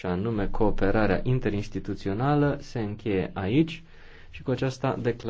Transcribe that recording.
și anume cooperarea interinstituțională, se încheie aici și cu aceasta declar